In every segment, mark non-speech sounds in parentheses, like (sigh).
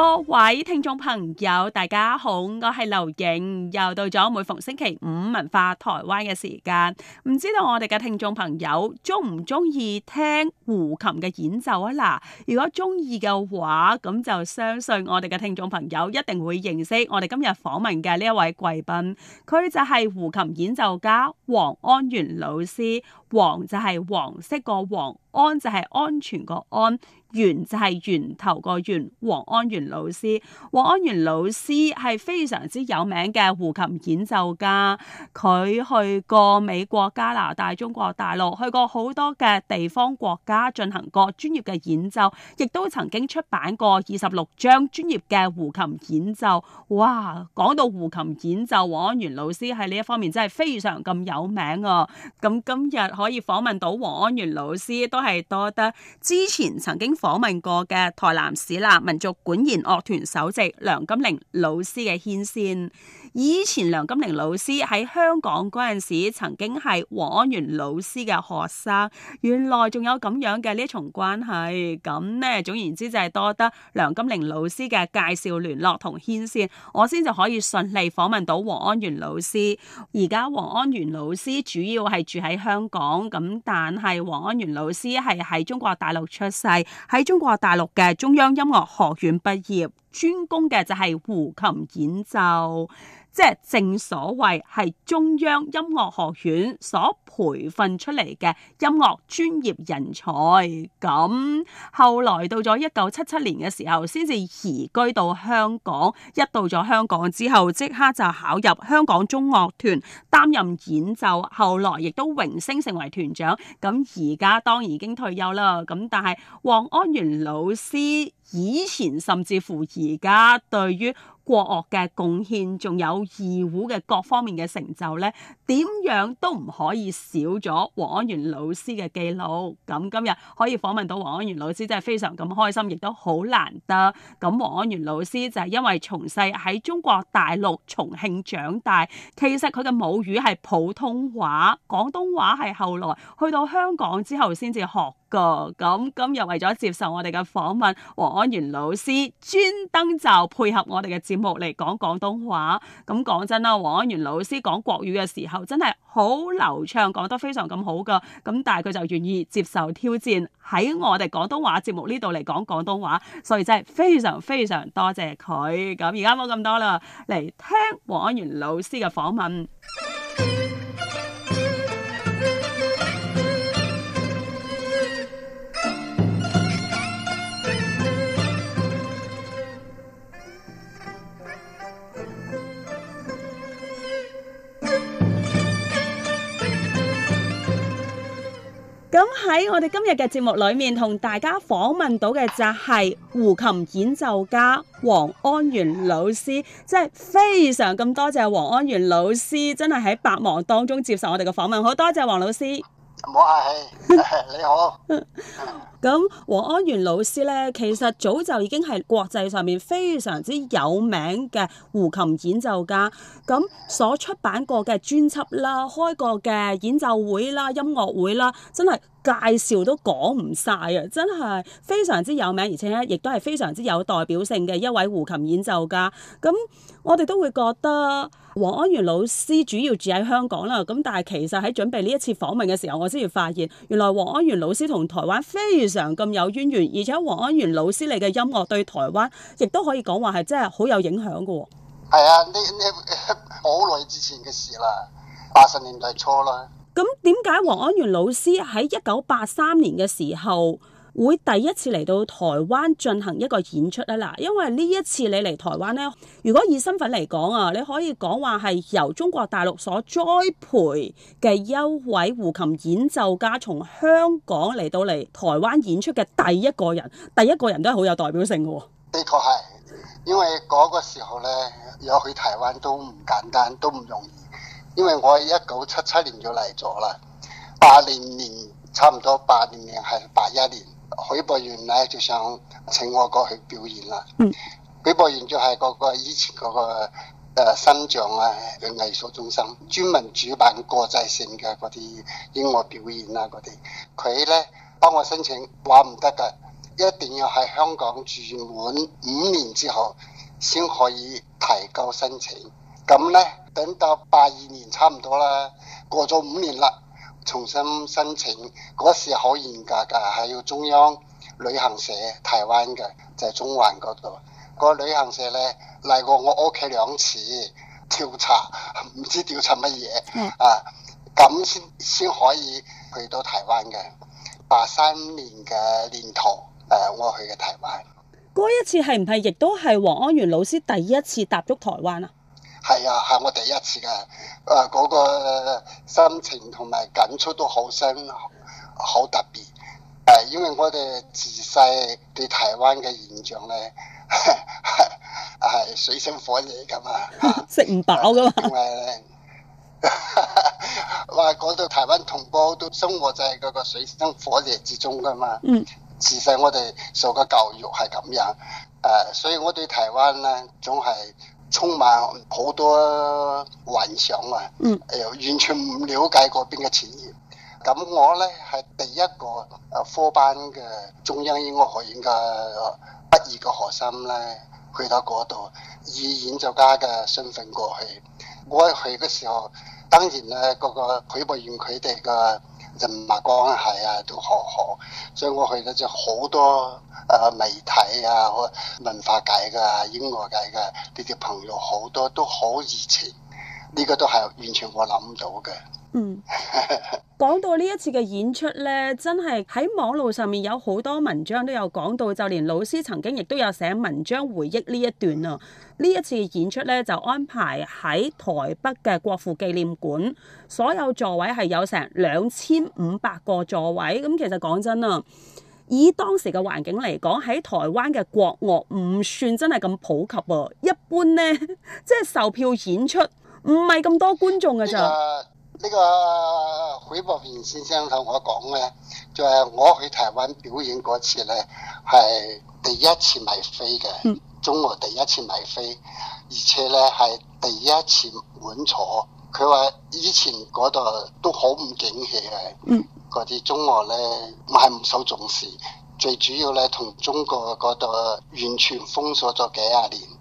各位聽眾朋友，大家好，我係劉穎，又到咗每逢星期五文化台灣嘅時間。唔知道我哋嘅聽眾朋友中唔中意聽胡琴嘅演奏啊？嗱，如果中意嘅話，咁就相信我哋嘅聽眾朋友一定會認識我哋今日訪問嘅呢一位貴賓，佢就係胡琴演奏家黃安源老師。黃就係黃色個黃，安就係安全個安。源就係源頭個源，黃安源老師，黃安源老師係非常之有名嘅胡琴演奏家。佢去過美國、加拿大、中國大陸，去過好多嘅地方國家，進行過專業嘅演奏，亦都曾經出版過二十六張專業嘅胡琴演奏。哇！講到胡琴演奏，黃安源老師喺呢一方面真係非常咁有名啊！咁今日可以訪問到黃安源老師都係多得之前曾經。訪問過嘅台南市立民族管弦樂團首席梁金玲老師嘅牽線。以前梁金玲老師喺香港嗰陣時，曾經係黃安源老師嘅學生。原來仲有咁樣嘅呢一重關係。咁咧，總言之就係多得梁金玲老師嘅介紹、聯絡同牽線，我先就可以順利訪問到黃安源老師。而家黃安源老師主要係住喺香港，咁但係黃安源老師係喺中國大陸出世，喺中國大陸嘅中央音樂學院畢業。專攻嘅就係胡琴演奏，即係正所謂係中央音樂學院所培訓出嚟嘅音樂專業人才。咁後來到咗一九七七年嘅時候，先至移居到香港。一到咗香港之後，即刻就考入香港中樂團擔任演奏，後來亦都榮升成為團長。咁而家當然已經退休啦。咁但係黃安源老師。以前甚至乎而家對於。國樂嘅貢獻，仲有二胡嘅各方面嘅成就呢，點樣都唔可以少咗黃安源老師嘅記錄。咁今日可以訪問到黃安源老師，真係非常咁開心，亦都好難得。咁黃安源老師就係因為從細喺中國大陸重慶長大，其實佢嘅母語係普通話，廣東話係後來去到香港之後先至學㗎。咁今日為咗接受我哋嘅訪問，黃安源老師專登就配合我哋嘅節目嚟講廣東話，咁講真啦，黃安源老師講國語嘅時候，真係好流暢，講得非常咁好噶。咁但係佢就願意接受挑戰，喺我哋廣東話節目呢度嚟講廣東話，所以真係非常非常多謝佢。咁而家冇咁多啦，嚟聽黃安源老師嘅訪問。咁喺我哋今日嘅節目裏面，同大家訪問到嘅就係胡琴演奏家黃安源老師，真係非常咁多謝黃安源老師，真係喺百忙當中接受我哋嘅訪問，好多謝黃老師。唔好客氣，你好。 (laughs) (laughs) (laughs) 咁黃安源老師咧，其實早就已經係國際上面非常之有名嘅胡琴演奏家。咁所出版過嘅專輯啦，開過嘅演奏會啦、音樂會啦，真係。介紹都講唔晒啊！真係非常之有名，而且咧亦都係非常之有代表性嘅一位胡琴演奏家。咁我哋都會覺得黃安源老師主要住喺香港啦。咁但係其實喺準備呢一次訪問嘅時候，我先至發現原來黃安源老師同台灣非常咁有淵源，而且黃安源老師你嘅音樂對台灣亦都可以講話係真係好有影響㗎。係啊，呢呢好耐之前嘅事啦，八十年代初啦。咁點解黃安源老師喺一九八三年嘅時候會第一次嚟到台灣進行一個演出啊？嗱，因為呢一次你嚟台灣呢，如果以身份嚟講啊，你可以講話係由中國大陸所栽培嘅一位胡琴演奏家，從香港嚟到嚟台灣演出嘅第一個人，第一個人都係好有代表性喎。的確係，因為嗰個時候咧，有去台灣都唔簡單，都唔容易。因為我一九七七年就嚟咗啦，八零年差唔多八零年係八一年，許博允呢，就想請我過去表演啦。嗯，許博允就係嗰個以前嗰、嗰個誒新象啊藝術中心，專門主辦國際性嘅嗰啲英外表演啦嗰啲。佢呢，幫我申請，話唔得㗎，一定要喺香港住滿五年之後，先可以提交申請。咁呢。等到八二年差唔多啦，過咗五年啦，重新申請嗰時好嚴格噶，係要中央旅行社台灣嘅，就係、是、中環嗰度。那個旅行社呢，嚟過我屋企兩次調查，唔知調查乜嘢的啊，咁先先可以去到台灣嘅。八三年嘅年頭，誒，我去嘅台灣。嗰一次係唔係亦都係黃安源老師第一次踏足台灣啊？係啊，係我第一次嘅，誒、呃、嗰、那個心情同埋感觸都好深，好特別。誒、呃，因為我哋自細對台灣嘅現象咧，係 (laughs) 水深火熱咁啊，食唔飽噶嘛。 (laughs) 嘛因為話講到台灣同胞都生活在嗰個水深火熱之中噶嘛。嗯。自細我哋受嘅教育係咁樣，誒、呃，所以我對台灣咧總係。充滿好多幻想啊！誒、呃，完全唔了解嗰邊嘅產業。咁我咧係第一個誒科班嘅中央音樂學院嘅畢業嘅學生咧，去到嗰度以演奏家嘅身份過去。我去嘅時候，當然咧嗰個許博員佢哋嘅。人脈關係啊，都好好，所以我去到就好多誒媒體啊，文化界嘅、音樂界嘅呢啲朋友好多，都好熱情，呢、這個都係完全我諗唔到嘅。嗯，講到呢一次嘅演出呢，真係喺網路上面有好多文章都有講到，就連老師曾經亦都有寫文章回憶呢一段啊。呢一次演出呢，就安排喺台北嘅國父紀念館，所有座位係有成兩千五百個座位。咁、嗯、其實講真啊，以當時嘅環境嚟講，喺台灣嘅國樂唔算真係咁普及喎、啊。一般呢，即係售票演出唔係咁多觀眾㗎咋。啊呢、這個許博賢先生同我講咧，就係、是、我去台灣表演嗰次咧，係第一次買飛嘅，中樂第一次買飛，而且咧係第一次滿座。佢話以前嗰度都好唔景氣嘅，嗰啲中樂咧唔係唔受重視，最主要咧同中國嗰度完全封鎖咗幾廿年。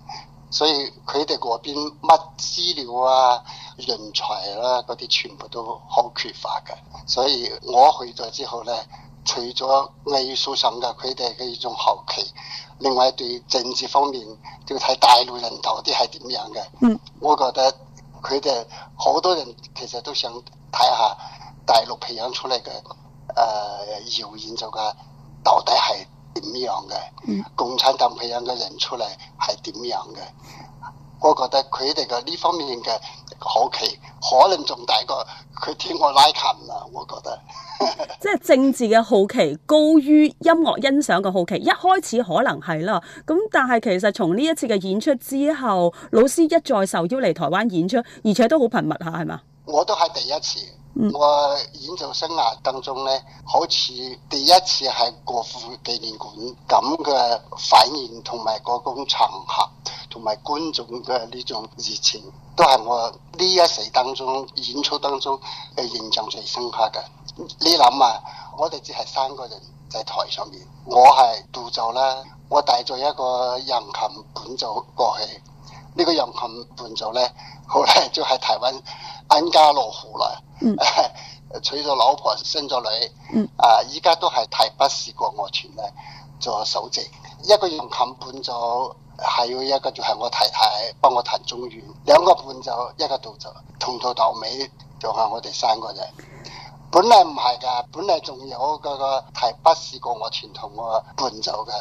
所以佢哋嗰邊乜資料啊、人才啊嗰啲全部都好缺乏嘅。所以我去咗之後咧，除咗藝術上嘅佢哋嘅一種好奇，另外對政治方面，要睇大陸人到底係點樣嘅。嗯，我覺得佢哋好多人其實都想睇下大陸培養出嚟嘅誒謠言就嘅到底係點樣嘅？嗯、共產黨培養嘅人出嚟係點樣嘅？我覺得佢哋嘅呢方面嘅好奇，可能仲大過佢聽我拉琴啦。我覺得， (laughs) 即係政治嘅好奇高於音樂欣賞嘅好奇。一開始可能係啦，咁但係其實從呢一次嘅演出之後，老師一再受邀嚟台灣演出，而且都好頻密下，係嘛？我都係第一次。我演奏生涯當中咧，好似第一次係國父紀念館咁嘅反應同埋嗰種場合同埋觀眾嘅呢種熱情，都係我呢一世當中演出當中嘅印象最深刻嘅。你諗啊，我哋只係三個人在台上面，我係獨奏啦，我帶咗一個揚琴伴奏過去。呢個楊琴伴奏咧，好來就喺、是、台灣安家落戶啦。 (laughs) 娶咗老婆，生咗女。啊，依家都係台北市國我團咧做首席。一個楊琴伴奏，係一個就係我太太幫我彈中阮。兩個伴奏，一個導奏，從頭到尾就係、是、我哋三個人。本嚟唔係㗎，本嚟仲有嗰個台北市國樂團同我伴奏嘅，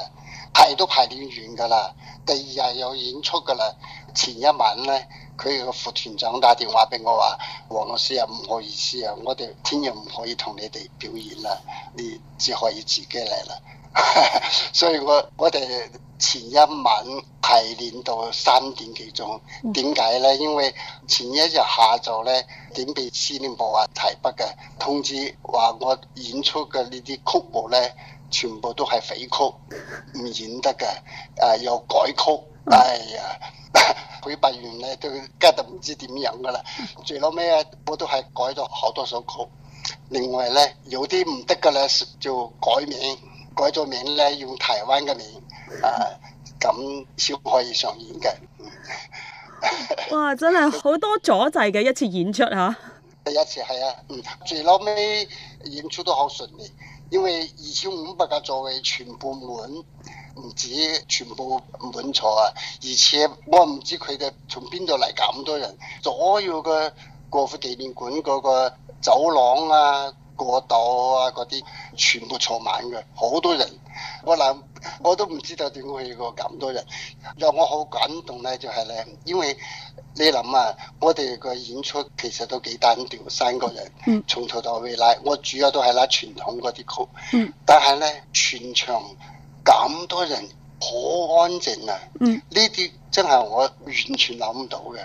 排都排得遠㗎啦。第二日有演出㗎啦。前一晚呢，佢個副團長打電話俾我話：黃老師啊，唔好意思啊，我哋聽日唔可以同你哋表演啦，你只可以自己嚟啦。 (laughs) 所以我我哋前一晚提練到三點幾鐘。點解呢？因為前一日下晝呢，點被司令部啊提筆嘅通知話我演出嘅呢啲曲目呢，全部都係匪曲，唔演得嘅，誒、呃、又改曲。哎呀，舉辦完咧，都家就唔知點樣噶啦。 (laughs) 最撈尾啊，我都係改咗好多首曲。另外咧，有啲唔得嘅咧，就改名，改咗名咧，用台灣嘅名啊，咁先可以上演嘅。 (laughs) 哇，真係好多阻滯嘅一次演出嚇。第一次係啊， (laughs) 最撈尾演出都好順利，因為二千五百個座位全部滿。唔止全部滿座啊！而且我唔知佢哋從邊度嚟咁多人，所有嘅國父紀念館嗰個走廊啊、過道啊嗰啲，全部坐滿嘅，好多人。我諗我都唔知道點去過咁多人。讓我好感動咧，就係、是、咧，因為你諗啊，我哋個演出其實都幾單調，三個人，從頭到尾拉，我主要都係拉傳統嗰啲曲。嗯。但係咧，全場。咁多人好安靜啊！呢啲、嗯、真係我完全諗唔到嘅，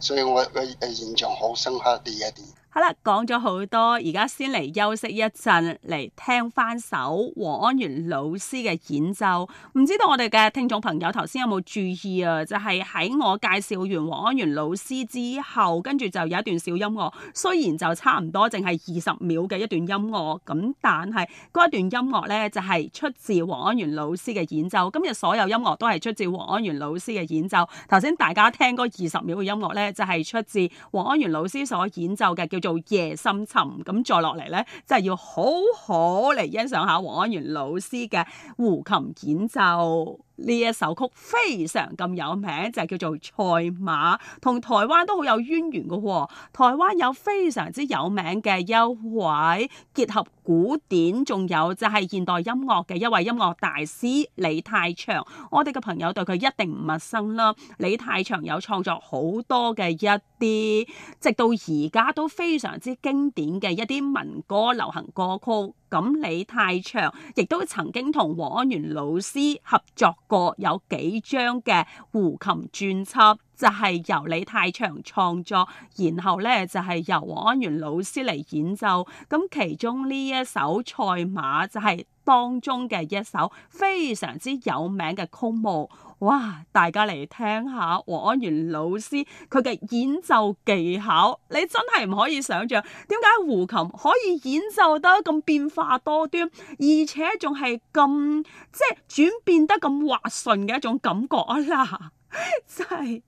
所以我嘅印象好深刻呢一點。好啦，講咗好多，而家先嚟休息一陣，嚟聽翻首黃安源老師嘅演奏。唔知道我哋嘅聽眾朋友頭先有冇注意啊？就係喺我介紹完黃安源老師之後，跟住就有一段小音樂。雖然就差唔多淨係二十秒嘅一段音樂，咁但係嗰一段音樂呢，就係出自黃安源老師嘅演奏。今日所有音樂都係出自黃安源老師嘅演奏。頭先大家聽嗰二十秒嘅音樂呢，就係出自黃安源老師所演奏嘅叫。做夜深沉，咁再落嚟咧，真係要好好嚟欣賞下黃安源老師嘅胡琴演奏呢一首曲，非常咁有名，就係叫做賽馬，同台灣都好有淵源嘅、哦。台灣有非常之有名嘅優惠結合。古典仲有就係現代音樂嘅一位音樂大師李泰祥，我哋嘅朋友對佢一定唔陌生啦。李泰祥有創作好多嘅一啲，直到而家都非常之經典嘅一啲民歌流行歌曲。咁李泰祥亦都曾經同黃安源老師合作過，有幾張嘅胡琴專輯。就係由李泰祥創作，然後咧就係、是、由黃安源老師嚟演奏。咁其中呢一首《賽馬》就係當中嘅一首非常之有名嘅曲目。哇！大家嚟聽下黃安源老師佢嘅演奏技巧，你真係唔可以想象點解胡琴可以演奏得咁變化多端，而且仲係咁即係轉變得咁滑順嘅一種感覺啦～真係，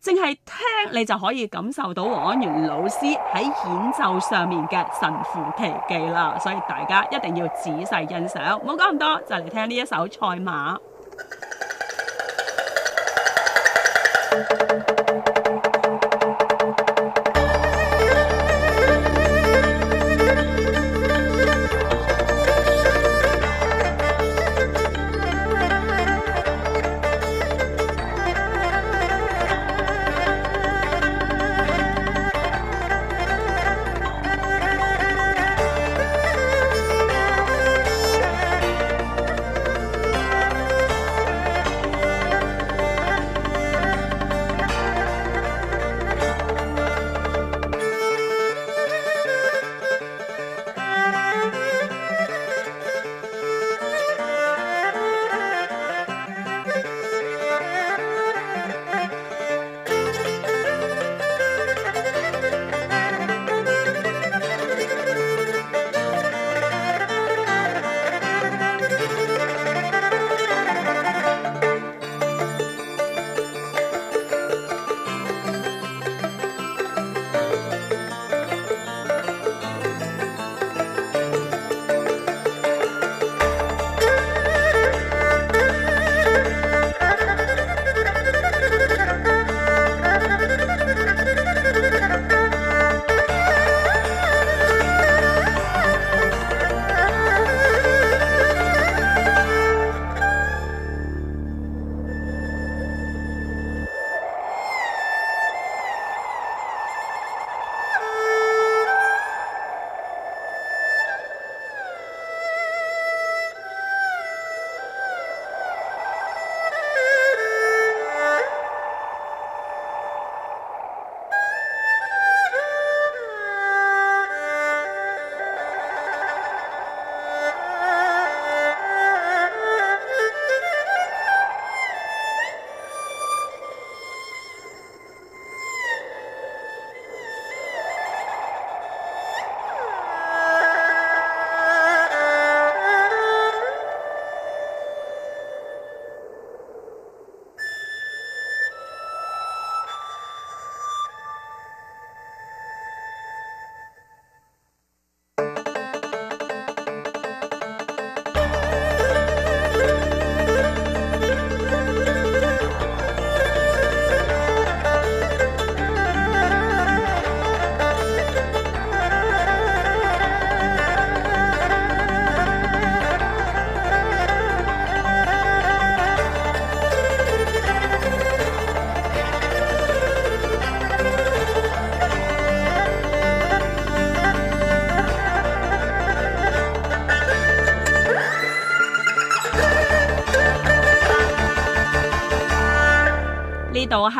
淨係 (laughs) 聽你就可以感受到黃安源老師喺演奏上面嘅神乎其技啦，所以大家一定要仔細欣賞。唔好講咁多，就嚟聽呢一首《賽馬》。 (noise)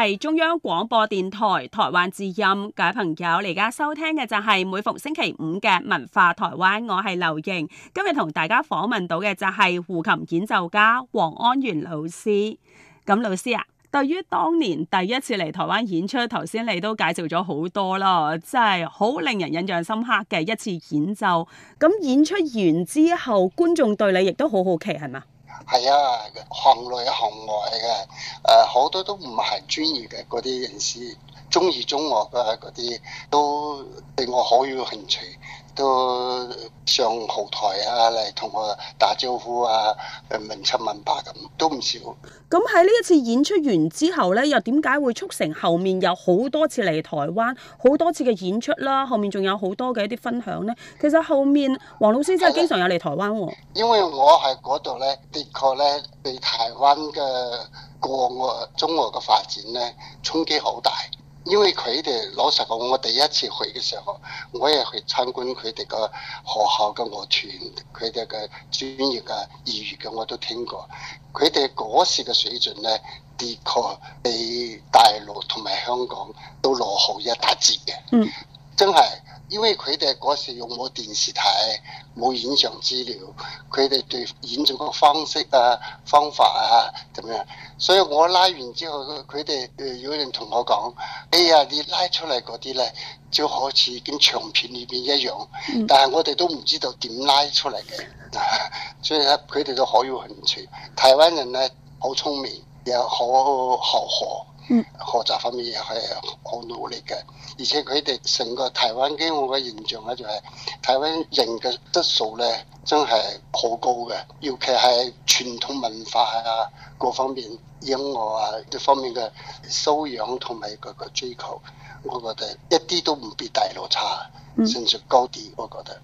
係中央廣播電台台灣之音，各位朋友，你而家收聽嘅就係每逢星期五嘅文化台灣，我係劉盈，今日同大家訪問到嘅就係胡琴演奏家黃安源老師。咁老師啊，對於當年第一次嚟台灣演出，頭先你都介紹咗好多啦，即係好令人印象深刻嘅一次演奏。咁演出完之後，觀眾對你亦都好好奇，係嘛？係啊，行內行外嘅，誒、呃，好多都唔係專業嘅嗰啲人士，中意中樂嘅嗰啲都對我好有興趣。都上後台啊，嚟同我打招呼啊，誒，問七問八咁，都唔少。咁喺呢一次演出完之後咧，又點解會促成後面有好多次嚟台灣，好多次嘅演出啦？後面仲有好多嘅一啲分享咧。其實後面黃老師真係經常有嚟台灣。啊，因為我喺嗰度咧，的確咧對台灣嘅國樂中外嘅發展咧，衝擊好大。因為佢哋，老實講，我第一次去嘅時候，我亦去參觀佢哋個學校嘅樂團，佢哋嘅專業嘅業餘嘅我都聽過。佢哋嗰時嘅水準呢，的確比大陸同埋香港都落後一大截嘅，真係。因為佢哋嗰時用冇電視睇，冇影像資料，佢哋對演奏個方式啊、方法啊咁樣，所以我拉完之後，佢哋誒有人同我講，哎呀，你拉出嚟嗰啲咧，就好似跟長片裏邊一樣，但係我哋都唔知道點拉出嚟嘅。 (laughs) 所以咧，佢哋都好有興趣。台灣人咧，好聰明，又好好學。嗯、學習方面係好努力嘅，而且佢哋成個台灣嘅我嘅形象咧就係、係，台灣人嘅質素咧真係好高嘅，尤其係傳統文化啊，各方面音樂啊呢方面嘅修養同埋嗰個追求，我覺得一啲都唔比大陸差，甚至高啲，我覺得。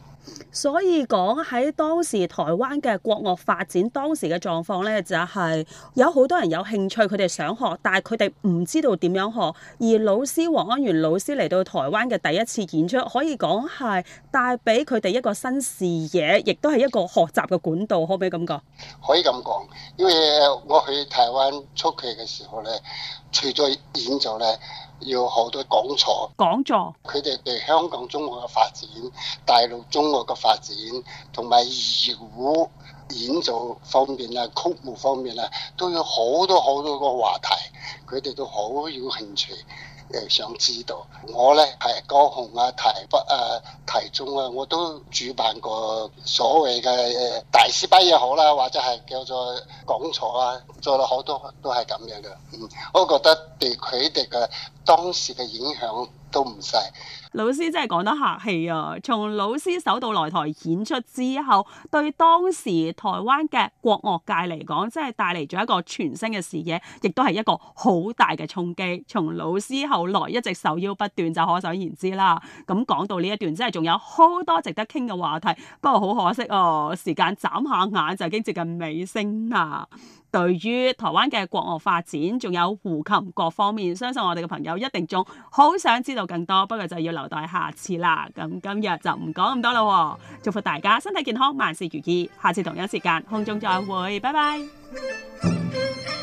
所以講喺當時台灣嘅國樂發展，當時嘅狀況咧，就係、是、有好多人有興趣，佢哋想學，但係佢哋唔知道點樣學。而老師黃安源老師嚟到台灣嘅第一次演出，可以講係帶俾佢哋一個新視野，亦都係一個學習嘅管道，可唔可以咁講？可以咁講，因為我去台灣出劇嘅時候咧，除咗演奏咧。要好多講座，講座佢哋對香港中樂嘅發展、大陸中樂嘅發展，同埋二胡演奏方面啊、曲目方面啊，都有好多好多個話題，佢哋都好有興趣。誒想知道，我咧係高雄啊、台北啊、台中啊，我都主辦過所謂嘅大師班也好啦，或者係叫做講座啊，做到好多都係咁樣嘅。嗯，我覺得對佢哋嘅當時嘅影響都唔細。老師真係講得客氣啊！從老師首度來台演出之後，對當時台灣嘅國樂界嚟講，真係帶嚟咗一個全新嘅視野，亦都係一個好大嘅衝擊。從老師後來一直受邀不斷，就可想而知啦。咁講到呢一段，真係仲有好多值得傾嘅話題，不過好可惜哦、啊，時間眨下眼就已經接近尾聲啦。對於台灣嘅國樂發展，仲有胡琴各方面，相信我哋嘅朋友一定仲好想知道更多，不過就要留待下次啦。咁今日就唔講咁多啦，祝福大家身體健康，萬事如意。下次同樣時間空中再會，拜拜。 (noise)